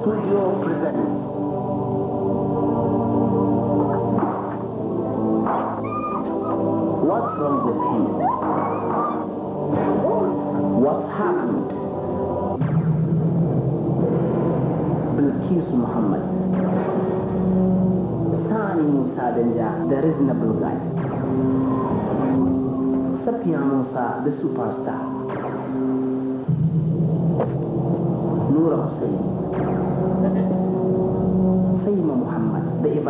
Studio presents. What's wrong with him? What's happened? Bilkis Muhammad. Sani Musa Denja, the reasonable guy. Sapia Musa, the superstar. Noura Hussein.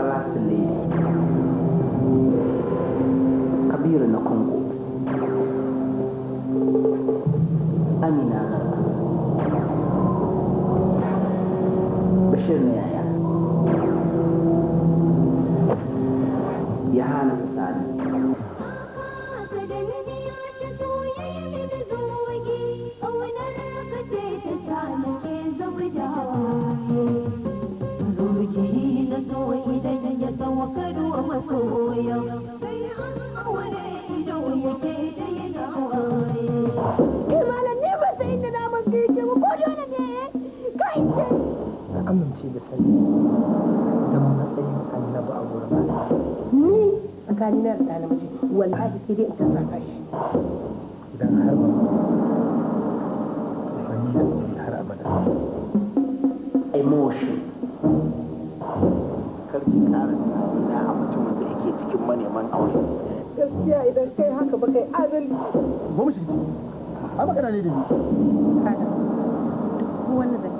everlasting lady kabiru na congo amina garba bashir na yaya ya hana sani cewa na amince da sani don matsayin annabi a wurin Allah ni tsakanin na da ɗa namiji wallahi sai dai ta saka shi idan har ba fani da ni har abada emotion karki ƙara tunani na a mutumin da yake cikin maneman aure gaskiya idan kai haka ba kai adalci ba mu shi ciki a magana ne da ni kana duk wanda zai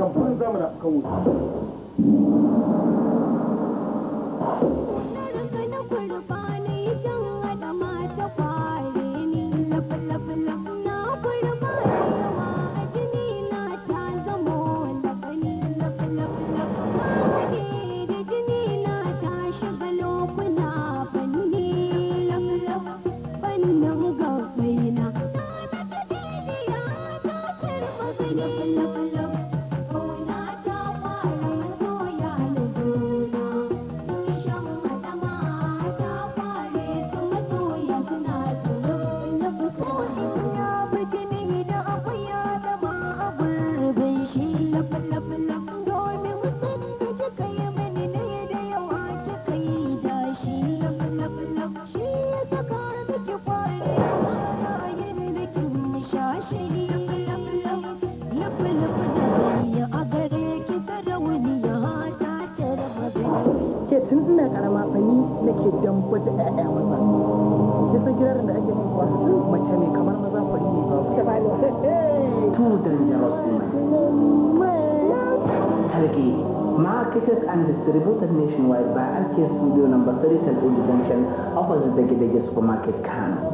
kan banza mana kan wuce bambanta yaya maza kisan da ake haihuwa mace mai kamar maza fari ne ba to and distributed nationwide by RK Studio number 30 Telugu Junction opposite the Gidege Supermarket Kano.